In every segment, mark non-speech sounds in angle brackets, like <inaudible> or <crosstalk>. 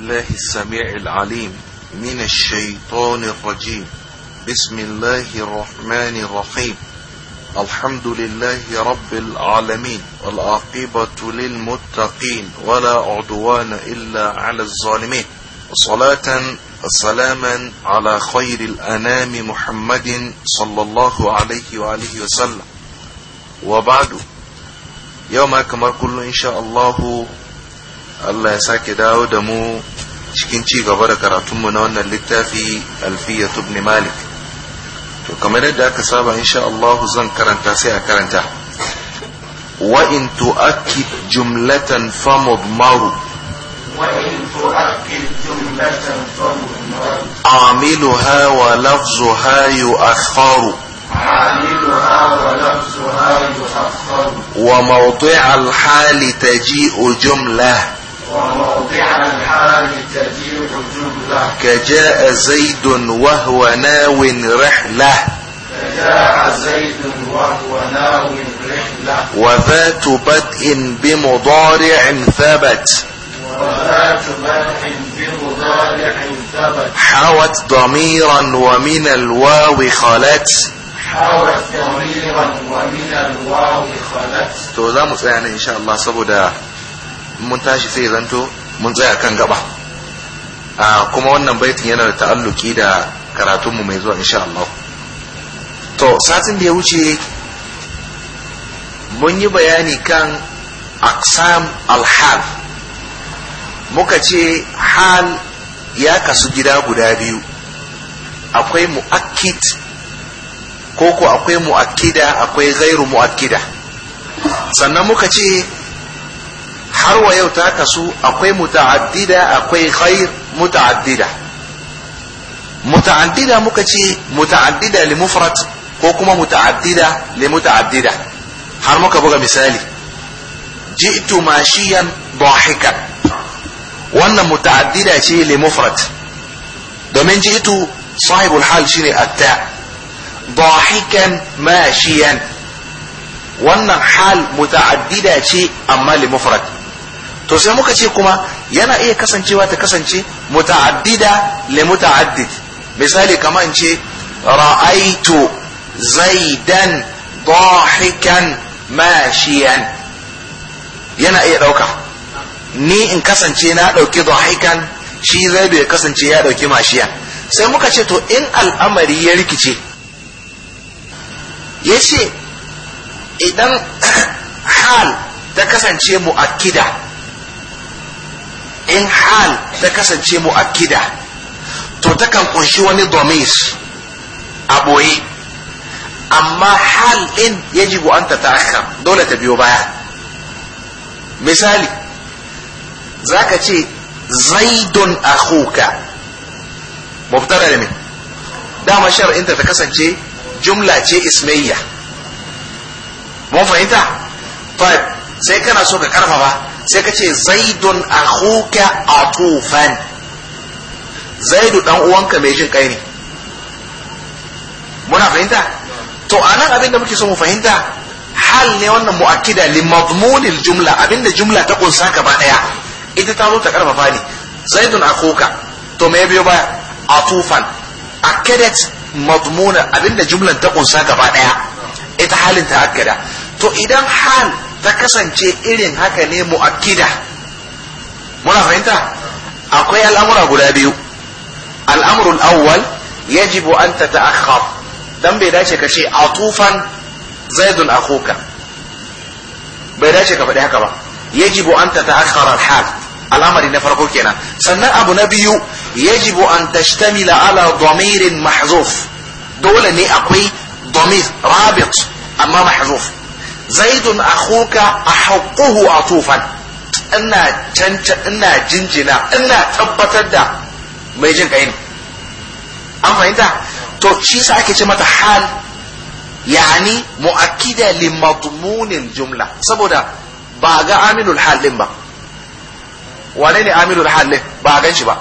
الله السميع العليم من الشيطان الرجيم بسم الله الرحمن الرحيم الحمد لله رب العالمين والعاقبة للمتقين ولا عدوان إلا على الظالمين صلاة وسلاما على خير الأنام محمد صلى الله عليه وآله وسلم وبعد يوم أكمل كل إن شاء الله Allah ya sake dawo da mu cikin ci gaba da karatunmu na wannan littafi alfiya tubni malik to kamar yadda aka saba insha Allah zan karanta sai a karanta wa in tu'akkid jumlatan famud maru وإن تؤكد جملة عاملها ولفظها يؤخر عاملها ولفظها يؤخر وموضع الحال تجيء جملة وموضع الحال تجيء الجملة كجاء زيد وهو ناو رحلة كجاء زيد وهو ناو رحلة وذات بدء بمضارع ثبت وذات بدء بمضارع ثبت حوت ضميرا ومن الواو خلت حوت ضميرا ومن الواو خلت تلامس يعني إن شاء الله سبدا mun tashi sai zanto mun tsaya kan gaba ah, kuma wannan baitin yana da ta'alluki da karatunmu mai zuwa insha Allah to satin da ya wuce mun yi bayani kan aksam alhal muka ce hal ya kasu gida guda biyu akwai mu'akkid ko ko akwai mu'akkida akwai gairu mu'akkida sannan muka ce har wa yau ta kasu akwai muta'addida akwai khair muta'addida muta'addida muka ce muta'addida li mufrad ko kuma muta'addida li muta'addida har muka buga misali ji'tu mashiyan dahikan wannan muta'addida ce li mufrad domin ji'tu sahibul hal shine atta dahikan mashiyan wannan hal muta'addida ce amma li mufrad to sai muka ce kuma yana iya kasancewa ta kasance muta'addida li muta'addid misali kamar in ce ra'aitu zaidan dahikan mashiyan yana iya dauka ni in kasance na dauki dahikan shi zaidu ya kasance ya dauki mashiyan sai muka ce to in al'amari ya rikice ya ce idan <clears throat> hal ta kasance mu'akkida in hal ta kasance mu'akkida to takan kunshi wani domis a ɓoye amma hal ɗin ya ji ta ta'akkar dole ta biyo baya misali za ka ce zaidun akhuka mubtada da ne dama shar'inta ta kasance jumla ce ismayya mun fahimta sai kana so ka karfafa sai ka ce zaidun akhuka atufan zaidu dan uwanka mai jin kai ne muna fahimta to anan abin da muke so mu fahimta hal ne wannan mu'akkida li madmunil jumla abinda jumla ta kunsa gaba daya ita ta zo ta karfafa ne zaidun akhuka to me biyo baya atufan akkadat madmuna abinda jumlan ta kunsa gaba daya ita halin ta akada to idan hal ta kasance irin haka ne mu'akkida muna fahimta akwai al'amura guda biyu al'amrul awwal yajibu an tata'akhkhar dan bai dace ka ce atufan zaidun akhuka bai dace ka faɗi haka ba yajibu an tata'akhkhar al-hal al'amari na farko kenan sannan abu na biyu yajibu an tashtamila ala damirin mahzuf dole ne akwai dhamir rabit amma mahzuf zaidun akhuka a atufan ina canca ina jinjina ina tabbatar da mai jin kai an fahimta to shi sa ake ce mata hal yani mu'akkida li madmunil jumla saboda ba ga aminul hal ba wane ne aminul hal ba gan shi ba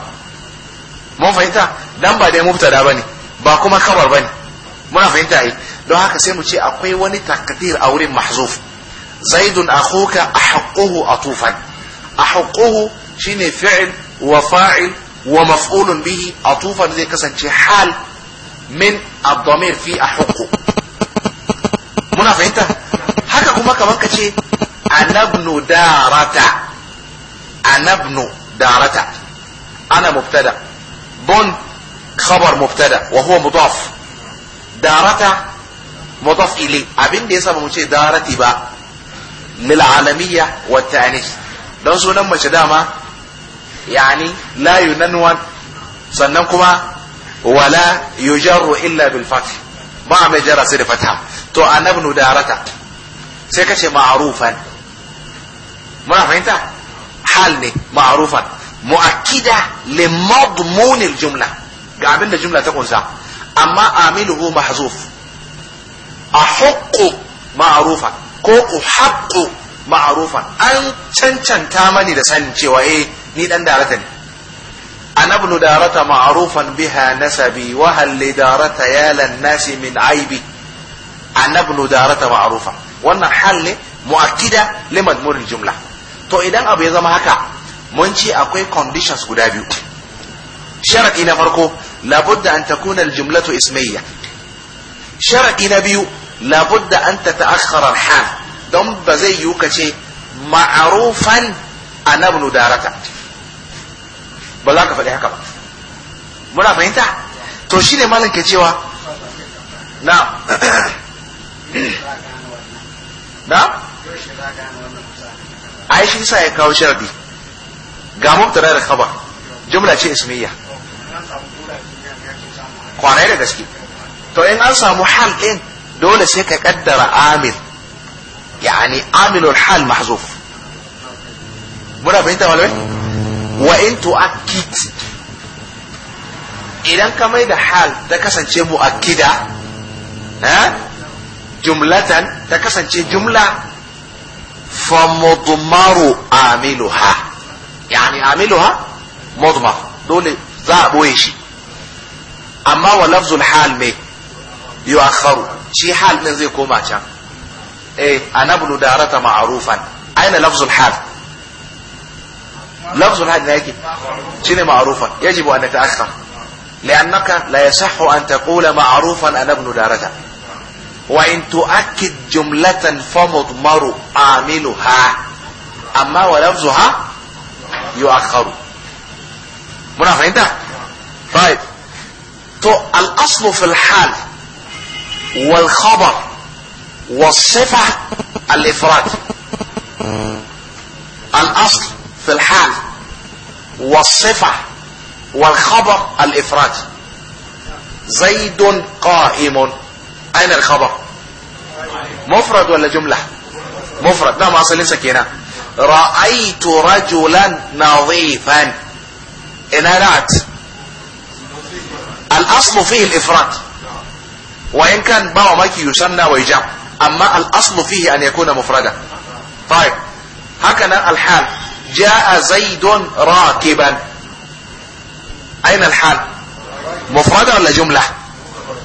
mun fahimta dan ba dai mubtada bane ba kuma kabar bane muna fahimta ai don haka sai mu ce akwai wani takdir a wurin mahzuf zaidun akhuka ahaqquhu atufan ahaqquhu shine fi'il wa fa'il wa maf'ulun bihi atufan zai kasance hal min ad fi ahqqu muna fahimta haka kuma kamar ka ce anabnu darata anabnu darata ana mubtada bun khabar mubtada wa huwa mudaf darata mudaf ilai abin da yasa ba mu ce darati ba lil alamiyya wa ta'anis don sunan mace dama yani la yunanwan sannan kuma wala yujarru illa bil fath ba mai jara sai da fatha to anabnu darata sai kace ma'rufan muna fahimta hal ne ma'rufan mu'akkida li madmun jumla ga abin da jumla ta kunsa amma amiluhu mahzuf A ahuqqu maarufa ko uhaqqu ma'rufan an cancanta mani da sanin cewa eh ni ɗan darata ne ana ibn darata ma'rufan biha nasabi wa darata ya nasi min aibi ana ibn darata ma'rufan wannan hal ne mu'akkida li madmuril jumla to idan abu ya zama haka mun ce akwai conditions guda biyu sharadi na farko labudda an takuna aljumlatu ismiyya sharadi na biyu labudda an ta ta'akhkhara al-hal don ba zai yiwu ka ce ma'arufan ana ibn daraka ba za ka faɗi haka ba muna fahimta to shine malam ke cewa na na ai sa ya kawo sharadi ga mubtada da khabar jumla ce ismiya kwanai da gaske to in an samu hal din دولة شيكا قدر عامل يعني عامل الحال محظوف مرة فهمت ولا بيه وإن تؤكد إذا كما إذا حال تكسا شيء مؤكدة ها جملة تكسا شيء جملة فمضمار عاملها يعني عاملها مضمر دول ذا بويشي أما ولفظ الحال مي يؤخره shi hal din zai koma اي انا anabnu darata معروفا اين لفظ الحال لفظ الحال لا يجب شنو معروفا يجب أن نتأخر لأنك لا يصح أن تقول معروفا أنا ابن دارته وإن تؤكد جملة فمضمر عاملها أما ولفظها يؤخر منافع انت طيب الأصل في الحال والخبر والصفة الإفراد الأصل في الحال والصفة والخبر الإفراد زيد قائم أين الخبر مفرد ولا جملة مفرد نعم أصل سكينة رأيت رجلا نظيفا إن أنات الأصل فيه الإفراد وإن كان باو ماكي يسمى ويجاب أما الأصل فيه أن يكون مفردا طيب هكذا الحال جاء زيد راكبا أين الحال مفردة ولا جملة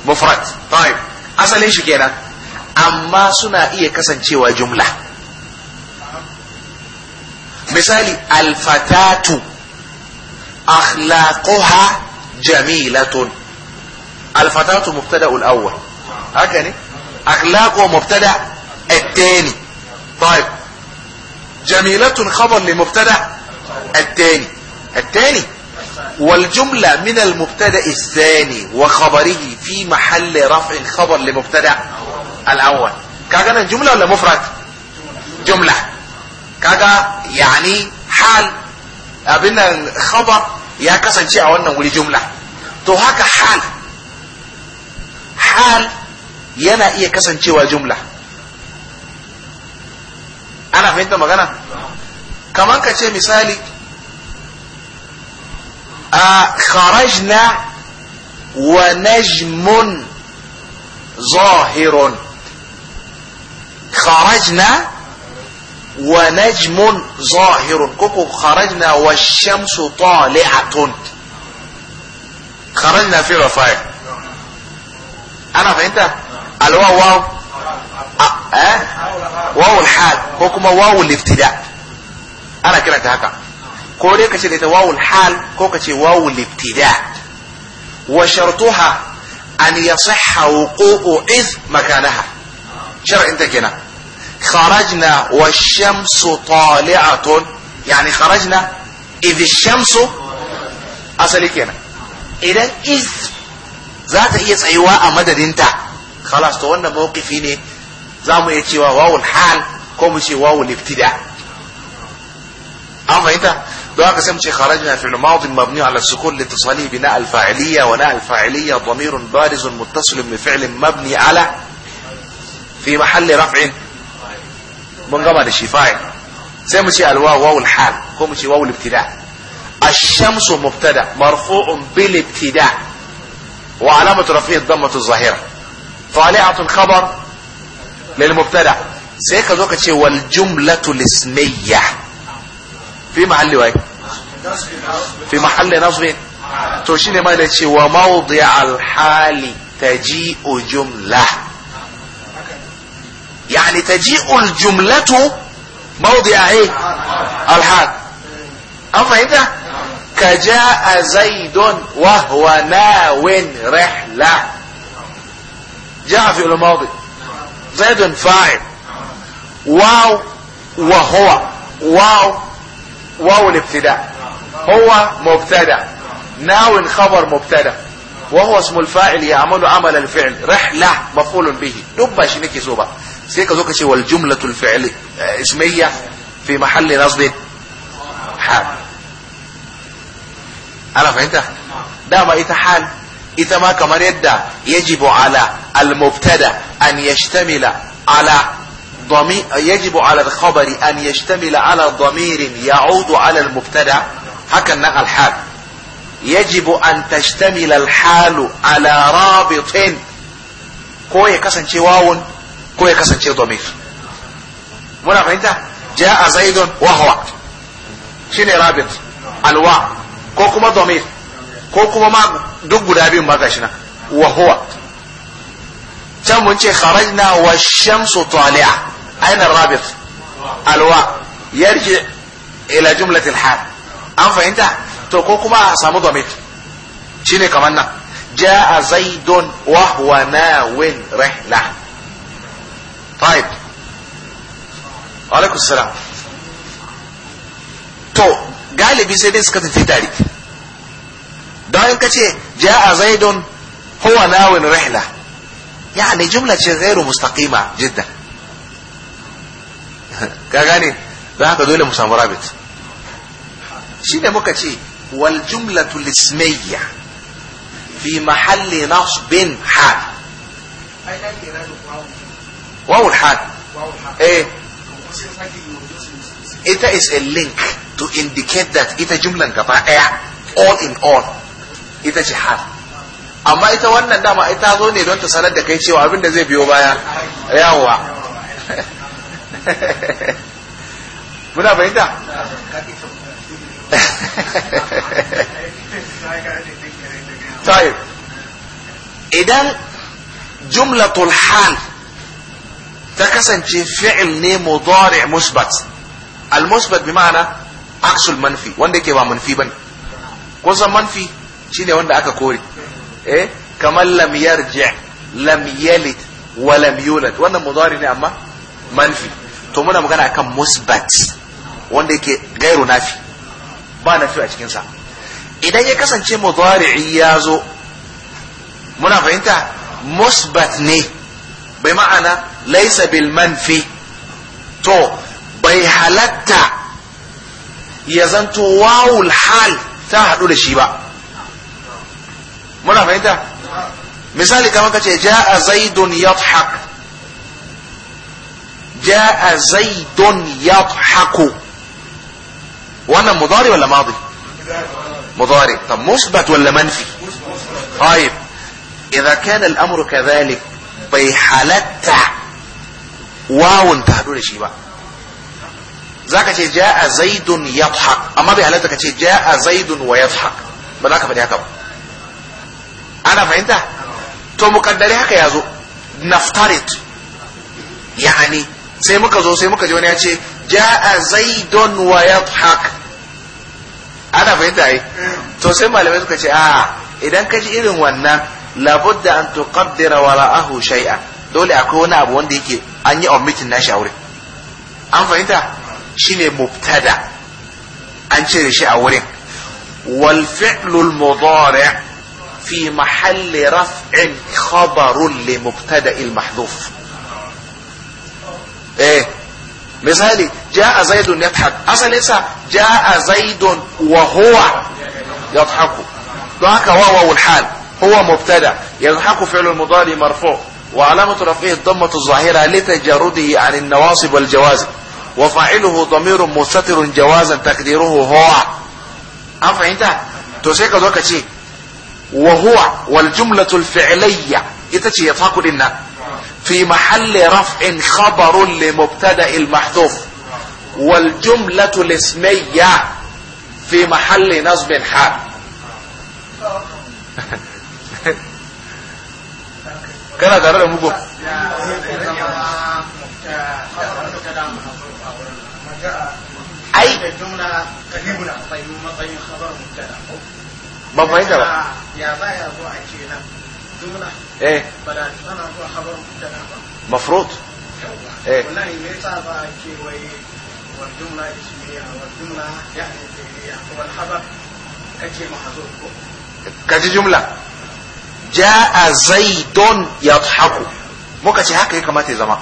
مفرد طيب أصل shi kenan amma suna كسن kasancewa jumla misali الفتاة أخلاقها جميلة الفتاة مبتدا الاول هكذا يعني اخلاقه مبتدا الثاني طيب جميلة خبر لمبتدا الثاني الثاني والجملة من المبتدا الثاني وخبره في محل رفع خبر لمبتدا الاول كذا جملة ولا مفرد جملة كذا يعني حال ابن خبر يا ya kasance a wannan wuri jumla to haka hal حال ينا ايا كسن شوى جملة انا فهمت مغانا كمان كتير مثالي آه، خرجنا ونجم ظاهر خرجنا ونجم ظاهر كوكو خرجنا والشمس طالعة خرجنا في رفايه انا فهمتها الواو واو ها واو الحال كوكما واو الابتداء انا كده كده كوري كشي واو الحال كوكا شي واو الابتداء وشرطها ان يصح وقوع اذ مكانها شرع انت كنا خرجنا والشمس طالعة يعني خرجنا اذ الشمس اصلي كنا اذا اذ za ta iya tsayuwa a madadinta khalas to wannan mawqifi ne za mu iya cewa wawul hal ko mu ce wawul ibtida an fahimta don haka sai mu ce kharajna fi al-madi mabni ala sukun li tasalihi bina al-fa'iliyya wa na al-fa'iliyya damirun barizun muttasilun bi fi'lin mabni ala fi mahalli raf'in mun gama da shi fa'il sai mu ce al-waw wawul hal ko mu ce wawul ibtida الشمس مبتدا مرفوع بالابتداء وعلامة رفعه الضمة الظاهرة طالعة الخبر للمبتدع سيكا زوكا تشي والجملة الاسمية في محل واي في محل نصب توشيني ما لتشي وموضع الحال تجيء جملة يعني تجيء الجملة موضع ايه الحال أفهم ده كجاء زيد وهو ناو رحلة جاء في الماضي زيد فاعل واو وهو واو واو الابتداء هو مبتدا ناو خبر مبتدا وهو اسم الفاعل يعمل عمل الفعل رحلة مفعول به دب شنك سوبا سيكا شي والجملة الفعل آه، اسمية في محل نصب حال ana fahimta dama ita hal ita ma kamar yadda yajibu ala al-mubtada an yashtamila ala ضمير يجب على الخبر أن يشتمل على ضمير يعود على المبتدا هكذا الحال يجب أن تشتمل الحال على رابط ko ya kasance wawun ko ya kasance domir muna fahimta ja a zaidun wahawa shi ne rabit alwa ko kuma domir ko kuma ma duk guda biyun ba gashi nan wa huwa can mun ce kharajna wa shamsu tali'a aina rabit alwa yarji ila jumlatil hal an fahimta to ko kuma a samu domir shine kamar nan ja'a zaidun wa huwa nawin rihla طيب وعليكم السلام to galibi sai dai suka tafi tare don in kace ja'a zaidun huwa nawin rihla yani jumla ce gairu mustaqima jidda ka gane za ka dole mu samu rabit shi ne muka ce wal jumlatu lismiyya fi mahalli nasbin hal wawul hal eh ita is a link to indicate that ita jumlan gaba daya all in all ita jihar. amma ita wannan dama ita zo ne don ta sanar da kai cewa abin da zai biyo baya yawa <laughs> muna bayyana طيب <laughs> idan jumlatul hal ta kasance fi'il ne mudari musbat al musbat bi ma'ana aksul manfi wanda yake ba manfi bane kun san manfi shine wanda aka kore eh kamar lam yarji lam yalid wa lam yulad wannan mudari ne amma manfi to muna magana akan musbat wanda yake gairu nafi ba nafi a cikin sa idan ya kasance mudari'i ya zo muna fahimta musbat ne bai ma'ana laisa bil manfi to bai halatta ya zanto wawul hal ta haɗu da shi ba muna fahimta misali kamar ka ce ja'a zaidun yadhhak ja'a zaidun yadhaku wannan mudari wala madi مضارع طب مثبت ولا منفي طيب اذا كان الامر كذلك بحالتا واو تهدو شي بقى zaka ce ja'a zaidun haƙ. amma bai halatta ka ce ja'a zaidun wa haƙ. ba za ka faɗi haka ba ana fahimta to mukaddare haka ya zo naftarit yani sai muka zo sai muka ji wani ya ce ja'a zaidun wa haƙ. ana fahimta yi? to sai malamai suka ce a idan ka ji irin wannan labudda an tuqaddira ra'ahu shay'an dole akwai wani abu wanda yake an yi omitting nashi aure an fahimta shine mubtada an cire shi a wurin wal fi'lul mudari' fi mahalli raf'in khabarun li mubtada'il mahdhuf eh misali jaa zaidun yadhhak asalinsa jaa zaidun wa huwa yadhaku don haka wawawul hal هو مبتدا يضحك فعل المضارع مرفوع وعلامة رفعه الضمة الظاهرة لتجرده عن النواصب والجوازم wa ضمير damiru جوازا تقديره هو an fahimta to sai ka zo ka ce wa huwa wal ita ce ya faku fi mahalli raf'in khabarun li mubtada'il mahdhuf wal jumlatul fi mahalli nasbin hal kana da muku ai da fahimta ba ya za ya zo a ce nan jumla eh ba da tana khabar mubtada ba mafrut eh wallahi me yasa ba ce wai wal jumla ismiya wal jumla wal khabar kace mahzuf ko kaji jumla ja'a zaidun yadhaku muka ce haka ya kamata ya zama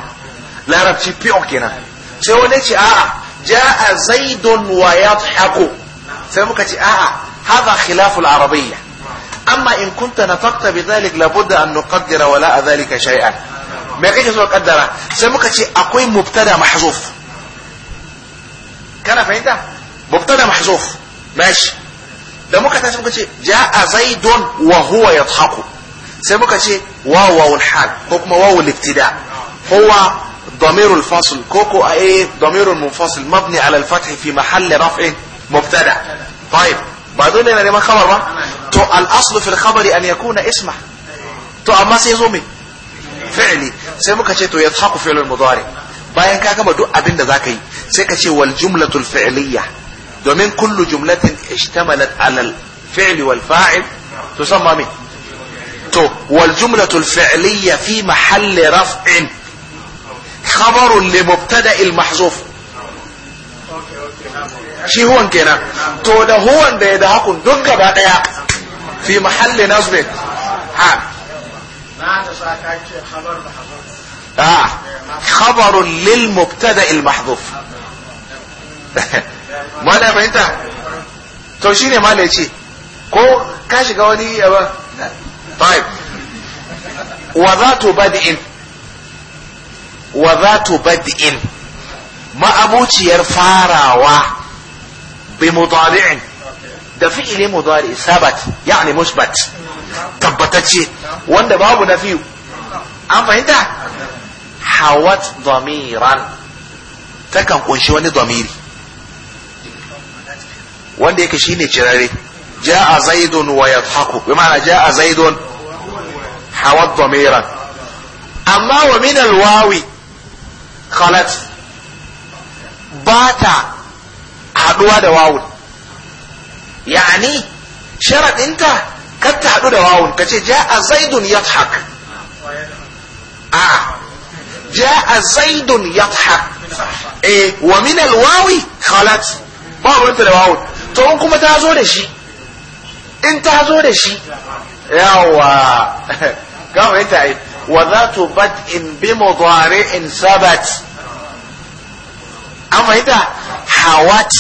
larabci fi'o kenan sai wani ce a'a جاء زيد ويضحك سيبقى آه،, آه هذا خلاف العربية أما إن كنت نطقت بذلك لابد أن نقدر ولا ذلك شيئا ما أن نقدر سيبقى أقوي مبتدى محذوف كان فهمت مبتدى محذوف ماشي da muka tashi muka ce ja'a zaidun wa huwa yadhaku sai muka ce wawawul hal ko kuma wawul ibtida huwa ضمير الفاصل كوكو ايه ضمير المنفصل مبني على الفتح في محل رفع مبتدع طيب بعدين يعني ما خبر بقى تو الاصل في الخبر ان يكون اسما تو اما sai zo me fi'li sai muka ce to yadhaku fi'l al-mudari bayan ka gama duk abin da zaka yi sai ka ce wal jumlatu al-fi'liyya domin kullu jumlatin ishtamalat ala al-fi'l wal fa'il tusamma min to wal jumlatu al-fi'liyya fi mahalli raf'in خبر لمبتدا المحذوف شي هو كنا تو ده هو ده ده حكون دون غبا في محل نصب ها ما خبر محذوف اه خبر للمبتدا المحذوف <laughs> ما لا فهمت تو شي ما لي شي كو كاش غوني يا طيب وذات بدء wa za tu bad'in ma'abuciyar farawa bi mudari'in da fi'ili mudari sabat yani musbat tabbatacce wanda babu na fiyu an fahimta hawat damiran takan kunshi wani damiri wanda yake shine cirare ja'a zaidun wa yadhaku bi ma'ana ja'a zaidun hawat damiran amma wa min alwawi khalat ba ta haɗuwa da wawun ya'ani sharaɗinta kar ta haɗu da wawun ka ce ja a zaidun ya a ja a zaidun ya e eh, wa min wawi khalat ba ruwanta da wawun to in kuma ta zo da shi in ta zo da shi yawa <laughs> ga fahimta ai وذات بدء بمضارع ثبت أما إذا حوات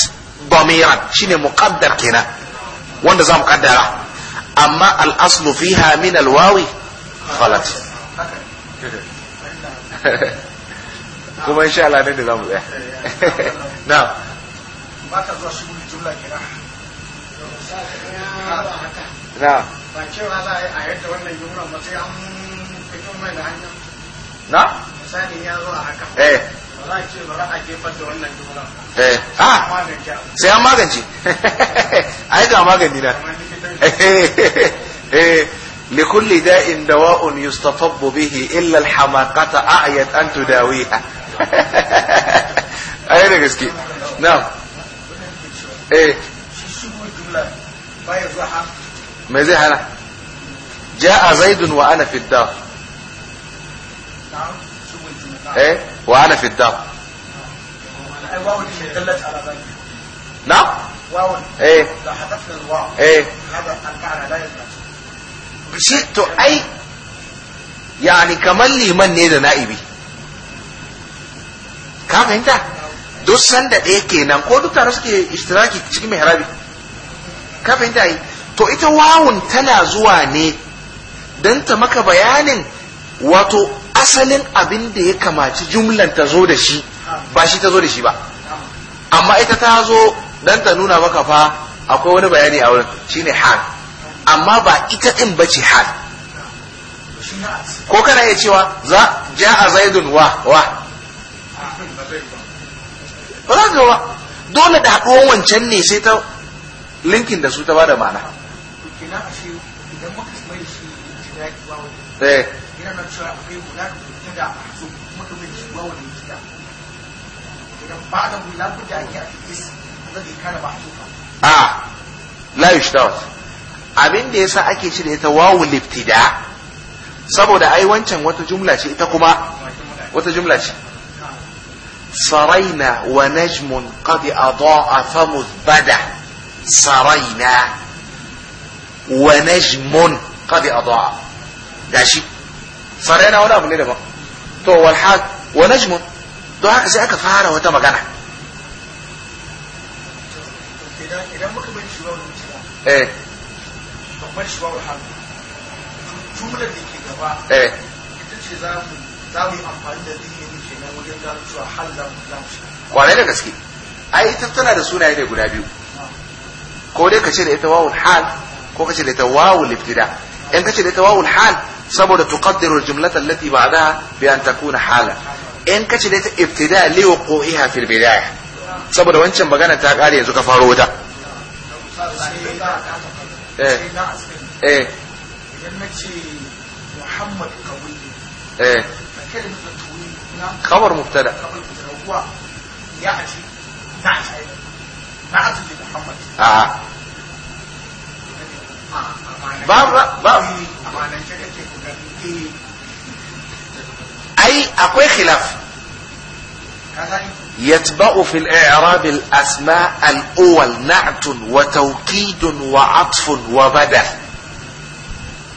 ضميرا شين مقدر كنا وانت زي مقدرة أما الأصل فيها من الواو غلط كما إن شاء الله ندي زي نعم نعم نعم sai an magance a yi ga magani na لكل داء دواء يستطب به الا الحماقه اعيت ان تداويها <laughs> اين غسكي نعم ايه ما زي جاء زيد وانا في الدار eh wa ana na eh eh shi to ai yani kamar liman ne da na'ibi ka fahimta duk sanda ɗaya kenan ko duk tare suke cikin mai harabi ka fahimta yi to ita wawun tana zuwa ne don ta maka bayanin wato asalin abin da ya kamaci jumlan ta zo da shi ba shi ta zo da shi ba amma ita ta zo dan ta nuna maka fa akwai wani bayani a wurin shine hal amma ba ita din ba ce hal ko kana iya cewa za ja'a zaidun wa wa ba za ba dole da haɗuwan wancan ne sai ta linkin da su ta bada ma'ana. yana cewa akwai munafiki da su mutumin shi wawan da idan ba da mu la budda an yi a cikin zai kana ba a la yushtaut abin da yasa ake cire ita wawu liftida saboda ai wancan wata jumla ce ita kuma wata jumla ce سرينا ونجم قد أضاء فمذبدة سرينا ونجم قد أضاء ده شيء fara yana wani abu ne daban to wal haq wa najmun haka sai aka fara wata magana idan muka bari shi wani eh babban shi wani jumlar da ke gaba eh ita ce za mu za mu yi amfani da wajen gano cewa hal za mu za mu da gaske ai ita tana da sunaye ne guda biyu ah. ko dai ka ce da ita wawul hal ko ka ce da ita wawul ان كتب واو الحال سبب تقدر الجملة التي بعدها بان تكون حالا ان كتب ابتداء لوقوعها في البداية سبب وانشن بغانا تاقاري يزو كفارو وتا ايه ايه محمد قوي ايه خبر مبتدا يعني نعت نعت محمد اه, آه. أي أقوى خلاف يتبع في الإعراب الأسماء الأول نعت وتوكيد وعطف وبدع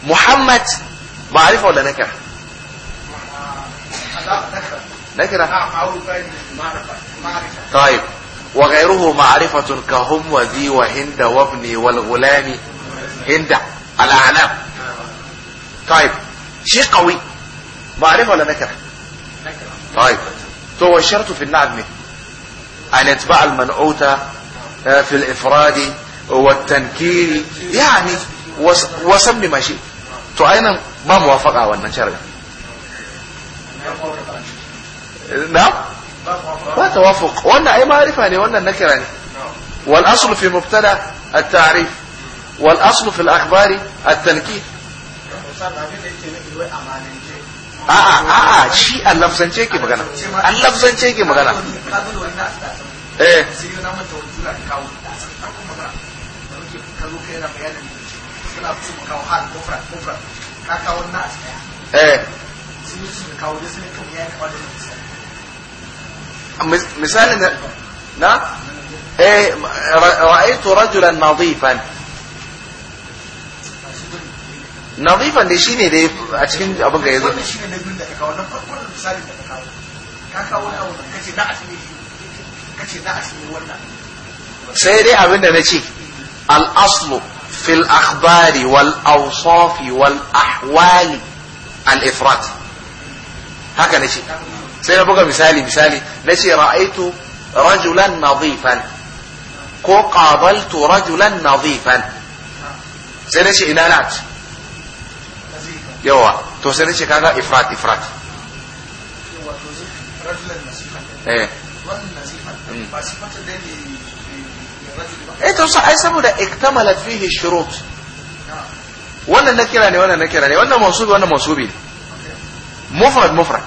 محمد معرفة ولا نكرة آه، نكرة آه، طيب وغيره معرفة كهم وذي وهند وابني والغلام هند الاعلام طيب شيء قوي معرفة ولا نكرة طيب تو شرط في النعم أن يتبع المنعوت آه، في الإفراد والتنكير يعني وسم ما شئت تو أين ما موافقة ولا نشرها نعم ما توافق وانا اي معرفة يعني وانا النكرة يعني والاصل في مبتدا التعريف wal aslu fil akhbari a'a a'a shi a ke magana a ke magana eh مثال نا ايه رأيت رجلا نظيفا nazifan dai shine dai a cikin abin da ka wannan da ka kawo sai dai abin da nace al aslu fil akhbari wal awsafi wal ahwali al ifrat haka nace sai na buga misali misali ce ra'aitu rajulan nadifan ko qabaltu rajulan nadifan sai nace ina nat yawa to sai nace kaga ifrat ifrat eh eh to sai saboda iktamalat fihi shurut wannan nakira ne wannan nakira ne wannan mansubi wannan mansubi ne mufrad mufrad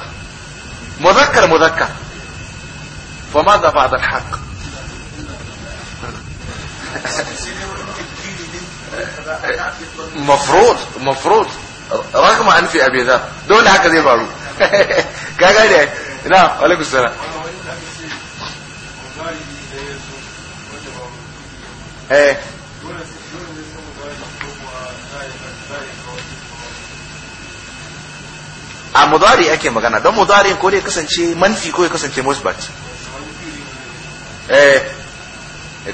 mudhakkar mudhakkar فماذا بعد الحق مفروض مفروض ragama an fi abi zar dole haka zai faru ga gane na alaikum salam eh a mudari ake magana don mudari ko dai kasance manfi ko ya kasance musbat eh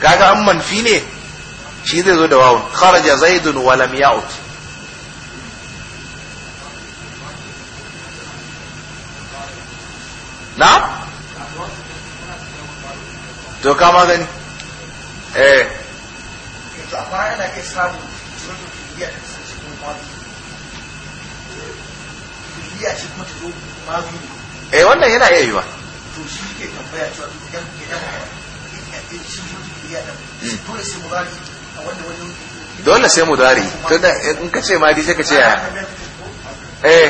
kaga an manfi ne shi zai zo da wawun kharaja zaidun wa lam ya'ut na to kama gani eh eh wannan yana iya yiwa to shi ke tambaya cewa idan idan hmm. dole sai mu dari tunda in ka ce sai ka ce ya eh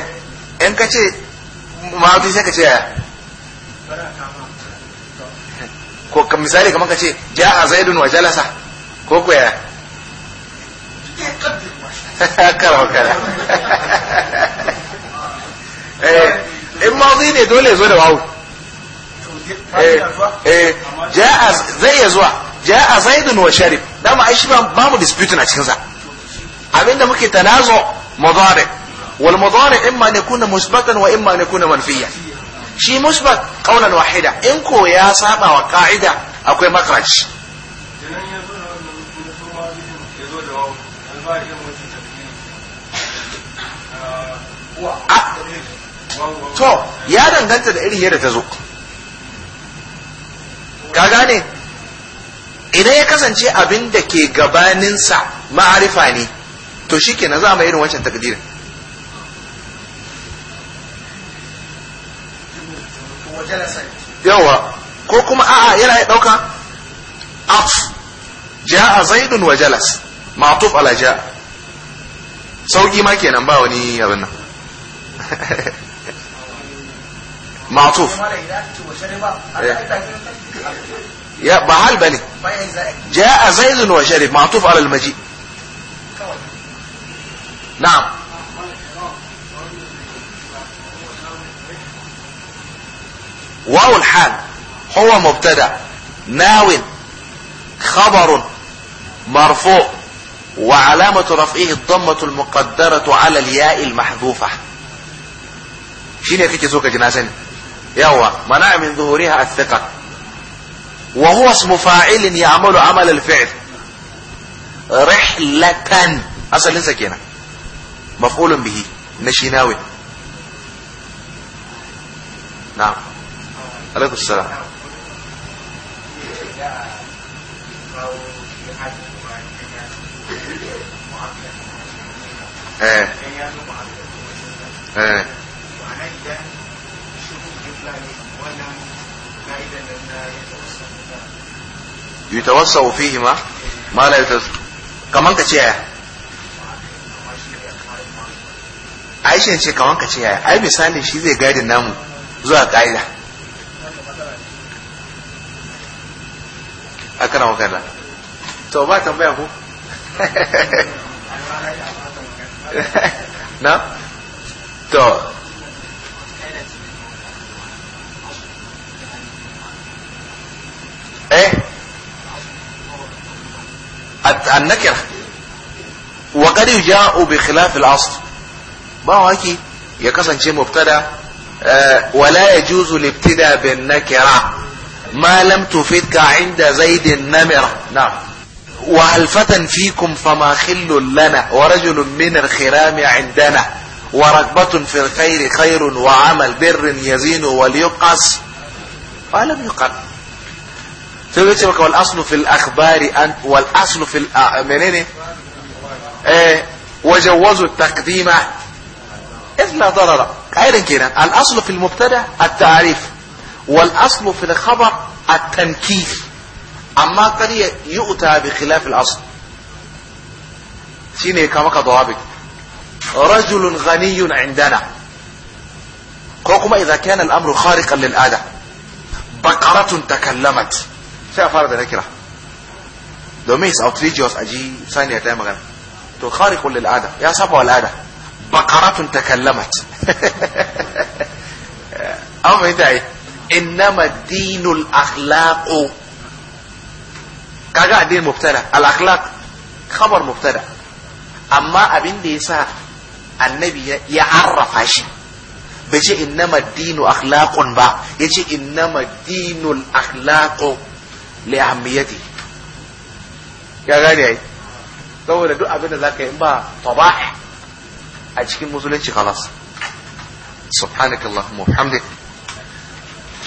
in ka ce sai ka ce ya ko misali kamar ka ce ja'a zaidun wa jalasa ko ko ya karawa kara in mazi ne dole zo da wawu eh, eh, ja'a zai ya zuwa ja'a zaidun wa sharif dama ai shi ba mu dispute na cikin sa abinda muke tanazo mudari wal mudari imma ne kuna musbatan wa imma ne kuna manfiya shi musbat kaunan wahida in ko ya saba wa ka'ida akwai makraj ah, to ya danganta da irin yadda ta zo ka gane idan ya kasance abin da ke gabaninsa ma'arifa ne to shi ke na za a irin wancan takdirin yawa ko kuma a'a yana ya dauka af a zaidun wa jalas ma'tuf ala ja'a sauki ma kenan ba wani abin nan <laughs> ma'tuf ya ba hal bane a zaidun wa sharif ma'tuf ala al na'am واو الحال هو مبتدا ناو خبر مرفوع وعلامة رفعه الضمة المقدرة على الياء المحذوفة شين يا كيتي سوكا جناسين يوا منع من ظهورها الثقة وهو اسم فاعل يعمل عمل الفعل رحلة أصل لنسى كينا مفعول به نشيناوي نعم alaikum salam eh eh yutawassau fihi ma ma la kaman ka ce yaya ai ce kaman ka ce yaya ai misali shi zai gadi namu zuwa ka'ida akrama kalla to ba tambaya ku na to eh النكرة وقد يجاء بخلاف الأصل ما هو هكي يكسن شيء مبتدا آه، ولا يجوز الابتداء بالنكرة ما لم تفدك عند زيد النمرة نعم وهل فتن فيكم فما خل لنا ورجل من الخرام عندنا ورغبة في الخير خير وعمل بر يزين وليقص فلم يقل سيقول والأصل في الأخبار أن والأصل في منين إيه وجوزوا التقديم إذ لا ضرر غير كده الأصل في المبتدا التعريف والأصل في الخبر التنكير أما قد يؤتى بخلاف الأصل سيني كما ضوابط رجل غني عندنا كوكما إذا كان الأمر خارقا للآدة بقرة تكلمت شاء فارد نكرة دوميس أو تريجيوس أجي ثانية تايمة تو خارق للآدة يا سبع الآدة بقرة تكلمت <laughs> أو ايه innama dinul akhlaqu kaga addinin mubtada al akhlaq khabar mubtada amma abin da sa, annabi ya arrafa shi bai ce innama dinu akhlaqun ba yace innama dinul akhlaqu li ahammiyati ya gane ai saboda duk abin da zaka yi ba taba'i a cikin musulunci khalas